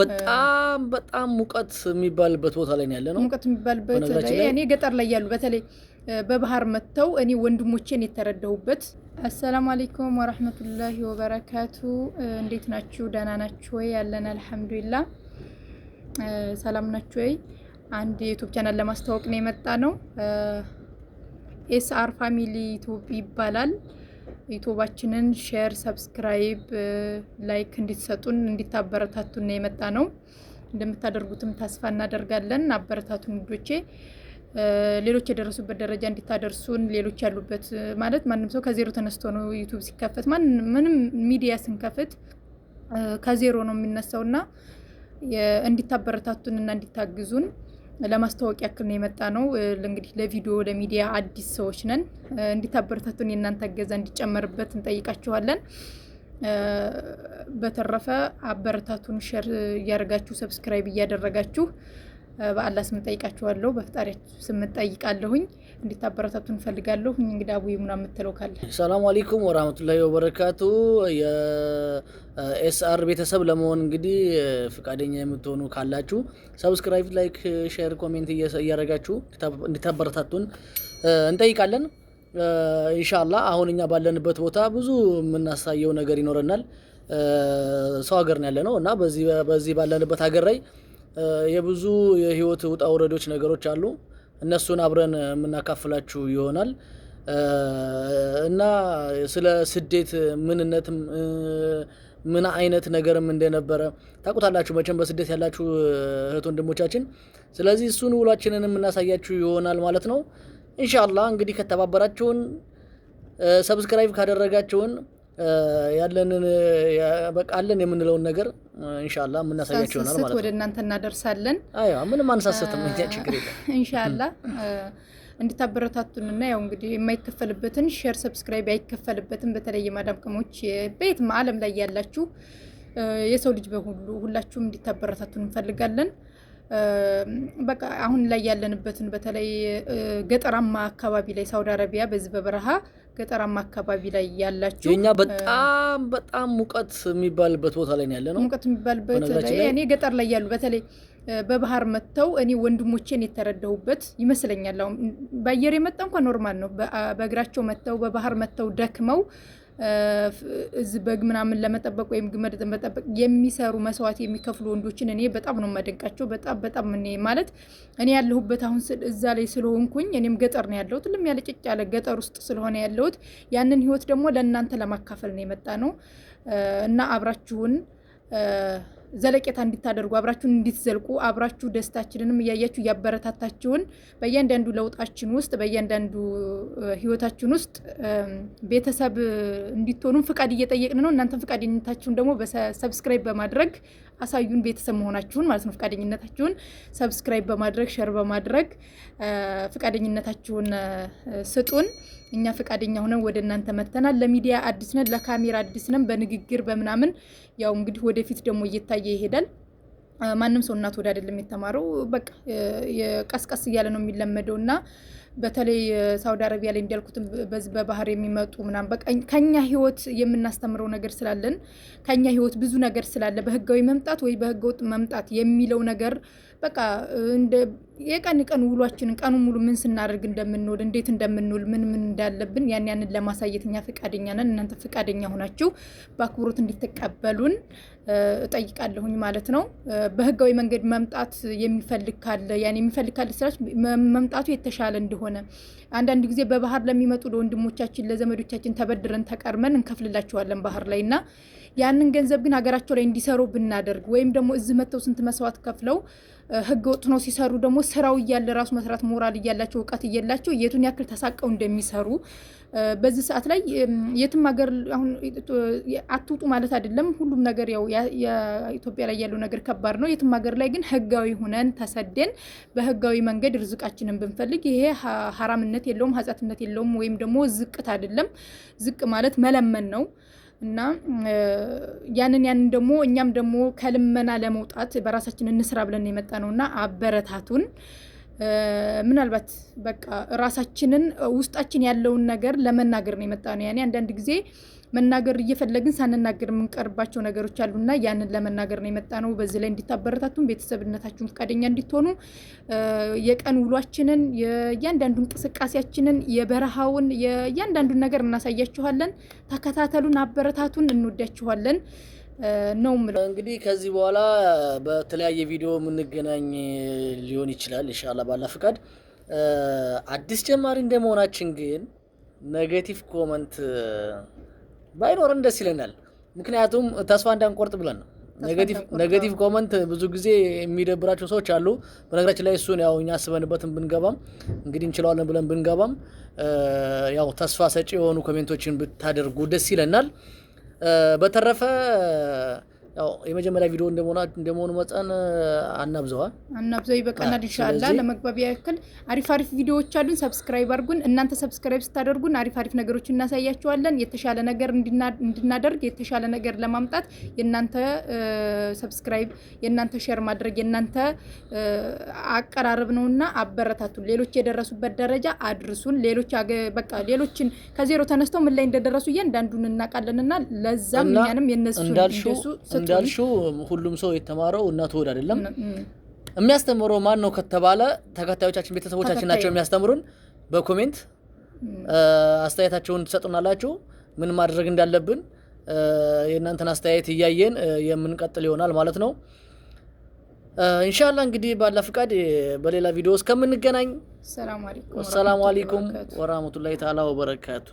በጣም በጣም ሙቀት የሚባልበት ቦታ ላይ ያለ ነው። ሙቀት የሚባልበት እኔ ገጠር ላይ ያሉ በተለይ በባህር መጥተው እኔ ወንድሞቼን የተረዳሁበት። አሰላሙ አሌይኩም ወራህመቱላሂ ወበረካቱ። እንዴት ናችሁ? ደህና ናችሁ ወይ? ያለን አልሐምዱሊላ። ሰላም ናችሁ ወይ? አንድ የዩቱብ ቻናል ለማስተዋወቅ ነው የመጣ ነው። ኤስአር ፋሚሊ ዩቱብ ይባላል። ዩቱባችንን ሼር፣ ሰብስክራይብ፣ ላይክ እንዲትሰጡን እንዲታበረታቱን የመጣ ነው። እንደምታደርጉትም ተስፋ እናደርጋለን። አበረታቱን ልጆቼ። ሌሎች የደረሱበት ደረጃ እንዲታደርሱን ሌሎች ያሉበት ማለት ማንም ሰው ከዜሮ ተነስቶ ነው ዩቱብ ሲከፈት ምንም ሚዲያ ስንከፍት ከዜሮ ነው የሚነሳውና እንዲታበረታቱንና እንዲታግዙን ለማስተዋወቅ ያክል ነው የመጣ ነው። እንግዲህ ለቪዲዮ ለሚዲያ አዲስ ሰዎች ነን። እንዲታበረታቱን የእናንተ እገዛ እንዲጨመርበት እንጠይቃችኋለን። በተረፈ አበረታቱን፣ ሸር እያደረጋችሁ ሰብስክራይብ እያደረጋችሁ በአላ ስም ጠይቃችኋለሁ፣ በፍጣሪያችሁ ስም ጠይቃለሁኝ። እንዲታበረታቱ እንፈልጋለሁ። እንግዲህ አቡይ ምና የምትለው ካለ ሰላሙ አለይኩም ወራህመቱላሂ ወበረካቱ። የኤስአር ቤተሰብ ለመሆን እንግዲህ ፍቃደኛ የምትሆኑ ካላችሁ ሰብስክራይብ፣ ላይክ፣ ሼር፣ ኮሜንት እያደረጋችሁ እንዲታበረታቱን እንጠይቃለን። ኢንሻአላህ አሁን እኛ ባለንበት ቦታ ብዙ የምናሳየው ነገር ይኖረናል። ሰው ሀገር ነው ያለ ነው እና በዚህ ባለንበት ሀገር ላይ የብዙ የህይወት ውጣ ውረዶች ነገሮች አሉ። እነሱን አብረን የምናካፍላችሁ ይሆናል እና ስለ ስደት ምንነት ምን አይነት ነገርም እንደነበረ ታውቁታላችሁ መቼም በስደት ያላችሁ እህት ወንድሞቻችን። ስለዚህ እሱን ውሏችንን የምናሳያችሁ ይሆናል ማለት ነው። ኢንሻአላህ እንግዲህ ከተባበራችሁን፣ ሰብስክራይብ ካደረጋችሁን ያለንን በቃለን የምንለውን ነገር እንሻላ የምናሳያቸው ይሆናል ማለት ነው። ወደ እናንተ እናደርሳለን። አዎ ምንም አንሳስትም፣ ችግር የለም። እንሻላ እንድታበረታቱንና ያው እንግዲህ የማይከፈልበትን ሼር፣ ሰብስክራይብ አይከፈልበትን በተለይ ማዳም ቅሞች ቤት ዓለም ላይ ያላችሁ የሰው ልጅ በሁሉ ሁላችሁም እንዲታበረታቱን እንፈልጋለን። በቃ አሁን ላይ ያለንበትን በተለይ ገጠራማ አካባቢ ላይ ሳውዲ አረቢያ በዚህ በበረሃ ገጠራማ አካባቢ ላይ ያላችሁ የኛ በጣም በጣም ሙቀት የሚባልበት ቦታ ላይ ያለ ነው። ሙቀት የሚባልበት እኔ ገጠር ላይ ያሉ በተለይ በባህር መጥተው እኔ ወንድሞቼን የተረዳሁበት ይመስለኛል። አሁን በአየር የመጣ እንኳ ኖርማል ነው። በእግራቸው መጥተው በባህር መጥተው ደክመው እዚ በግ ምናምን ለመጠበቅ ወይም ግመድ ለመጠበቅ የሚሰሩ መስዋዕት የሚከፍሉ ወንዶችን እኔ በጣም ነው የማደንቃቸው። በጣም በጣም እኔ ማለት እኔ ያለሁበት አሁን እዛ ላይ ስለሆንኩኝ እኔም ገጠር ነው ያለሁት፣ ልም ያለ ጭጭ ያለ ገጠር ውስጥ ስለሆነ ያለሁት ያንን ህይወት ደግሞ ለእናንተ ለማካፈል ነው የመጣ ነው እና አብራችሁን ዘለቄታ እንዲታደርጉ አብራችሁን እንዲትዘልቁ አብራችሁ ደስታችንንም እያያችሁ እያበረታታችሁን በእያንዳንዱ ለውጣችን ውስጥ በእያንዳንዱ ህይወታችን ውስጥ ቤተሰብ እንዲትሆኑም ፍቃድ እየጠየቅን ነው። እናንተን ፍቃደኝነታችሁን ደግሞ ሰብስክራይብ በማድረግ አሳዩን፣ ቤተሰብ መሆናችሁን ማለት ነው። ፍቃደኝነታችሁን ሰብስክራይብ በማድረግ ሸር በማድረግ ፍቃደኝነታችሁን ስጡን። እኛ ፍቃደኛ ሆነን ወደ እናንተ መተናል። ለሚዲያ አዲስ ነን፣ ለካሜራ አዲስ ነን። በንግግር በምናምን ያው እንግዲህ ወደፊት ደግሞ እየታ እየታየ ይሄዳል። ማንም ሰው እናት ወደ አይደለም የተማረው። በቃ ቀስቀስ እያለ ነው የሚለመደው እና በተለይ ሳውዲ አረቢያ ላይ እንዳልኩትም በዚህ በባህር የሚመጡ ምናም ከኛ ህይወት የምናስተምረው ነገር ስላለን ከኛ ህይወት ብዙ ነገር ስላለ በህጋዊ መምጣት ወይ በህገ ውጥ መምጣት የሚለው ነገር በቃ እንደ የቀን ቀን ውሏችንን ቀኑ ሙሉ ምን ስናደርግ እንደምንውል እንዴት እንደምንውል ምን ምን እንዳለብን ያን ያንን ለማሳየት እኛ ፈቃደኛ ነን። እናንተ ፈቃደኛ ሆናችሁ በአክብሮት እንዲተቀበሉን እጠይቃለሁኝ ማለት ነው። በህጋዊ መንገድ መምጣት የሚፈልግ ካለ ያን የሚፈልግ ካለ ስራች መምጣቱ የተሻለ እንደሆነ ሆነ አንዳንድ ጊዜ በባህር ለሚመጡ ለወንድሞቻችን ለዘመዶቻችን ተበድረን ተቀርመን እንከፍልላቸዋለን ባህር ላይ እና ያንን ገንዘብ ግን ሀገራቸው ላይ እንዲሰሩ ብናደርግ ወይም ደግሞ እዚህ መጥተው ስንት መስዋዕት ከፍለው ህገ ወጥ ነው ሲሰሩ ደግሞ ስራው እያለ ራሱ መስራት ሞራል እያላቸው እውቀት እየላቸው የቱን ያክል ተሳቀው እንደሚሰሩ በዚህ ሰዓት ላይ የትም ሀገር አሁን አትውጡ ማለት አይደለም። ሁሉም ነገር ያው የኢትዮጵያ ላይ ያለው ነገር ከባድ ነው። የትም ሀገር ላይ ግን ህጋዊ ሁነን ተሰደን በህጋዊ መንገድ ርዝቃችንን ብንፈልግ ይሄ ሀራምነት የለውም፣ ሀጻትነት የለውም፣ ወይም ደግሞ ዝቅት አይደለም። ዝቅ ማለት መለመን ነው። እና ያንን ያንን ደግሞ እኛም ደግሞ ከልመና ለመውጣት በራሳችን እንስራ ብለን የመጣ ነው እና አበረታቱን። ምናልባት በቃ ራሳችንን ውስጣችን ያለውን ነገር ለመናገር ነው የመጣ ነው። ያኔ አንዳንድ ጊዜ መናገር እየፈለግን ሳንናገር የምንቀርባቸው ነገሮች አሉና ያንን ለመናገር ነው የመጣ ነው። በዚህ ላይ እንዲታበረታቱን ቤተሰብነታችሁን ፈቃደኛ እንዲትሆኑ የቀን ውሏችንን የእያንዳንዱ እንቅስቃሴያችንን የበረሃውን የእያንዳንዱን ነገር እናሳያችኋለን። ተከታተሉን፣ አበረታቱን። እንወዳችኋለን። ነው ምለው። እንግዲህ ከዚህ በኋላ በተለያየ ቪዲዮ የምንገናኝ ሊሆን ይችላል ኢንሻአላህ ባላ ፍቃድ። አዲስ ጀማሪ እንደመሆናችን ግን ኔጌቲቭ ኮመንት ባይኖረን ደስ ይለናል። ምክንያቱም ተስፋ እንዳንቆርጥ ብለን ነው። ኔጌቲቭ ኮመንት ብዙ ጊዜ የሚደብራቸው ሰዎች አሉ። በነገራችን ላይ እሱን ያው እኛ አስበንበትን ብንገባም እንግዲህ እንችለዋለን ብለን ብንገባም ያው ተስፋ ሰጪ የሆኑ ኮሜንቶችን ብታደርጉ ደስ ይለናል። በተረፈ ያው የመጀመሪያ ቪዲዮ እንደመሆኑ መጠን አናብዘዋል አናብዘው ይበቃናል። ኢንሻላህ ለመግባቢያ ያክል አሪፍ አሪፍ ቪዲዮዎች አሉን። ሰብስክራይብ አድርጉን። እናንተ ሰብስክራይብ ስታደርጉን አሪፍ አሪፍ ነገሮች እናሳያቸዋለን። የተሻለ ነገር እንድናደርግ የተሻለ ነገር ለማምጣት የእናንተ ሰብስክራይብ፣ የእናንተ ሼር ማድረግ፣ የእናንተ አቀራረብ ነው እና አበረታቱን። ሌሎች የደረሱበት ደረጃ አድርሱን። ሌሎች በቃ ሌሎችን ከዜሮ ተነስተው ምን ላይ እንደደረሱ እያንዳንዱን እናውቃለንና ለዛም እኛንም የነሱ ስ እንዳልሽው ሁሉም ሰው የተማረው እናት ሆድ አይደለም። የሚያስተምረው ማን ነው ከተባለ ተከታዮቻችን፣ ቤተሰቦቻችን ናቸው የሚያስተምሩን። በኮሜንት አስተያየታቸውን ትሰጡናላችሁ። ምን ማድረግ እንዳለብን የእናንተን አስተያየት እያየን የምንቀጥል ይሆናል ማለት ነው። እንሻላ እንግዲህ ባላ ፍቃድ በሌላ ቪዲዮ እስከምንገናኝ ሰላም አለይኩም ወራህመቱላሂ ተዓላ ወበረካቱ።